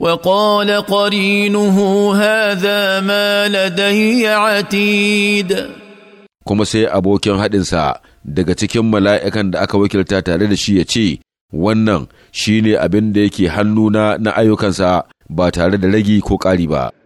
وقال قرينه هذا ما لدي عتيد kuma sai abokin haɗinsa daga cikin mala'ikan da aka wakilta tare da shi ya ce, Wannan shi ne abin da yake hannuna na ayyukansa ba tare da ragi ko ƙari ba.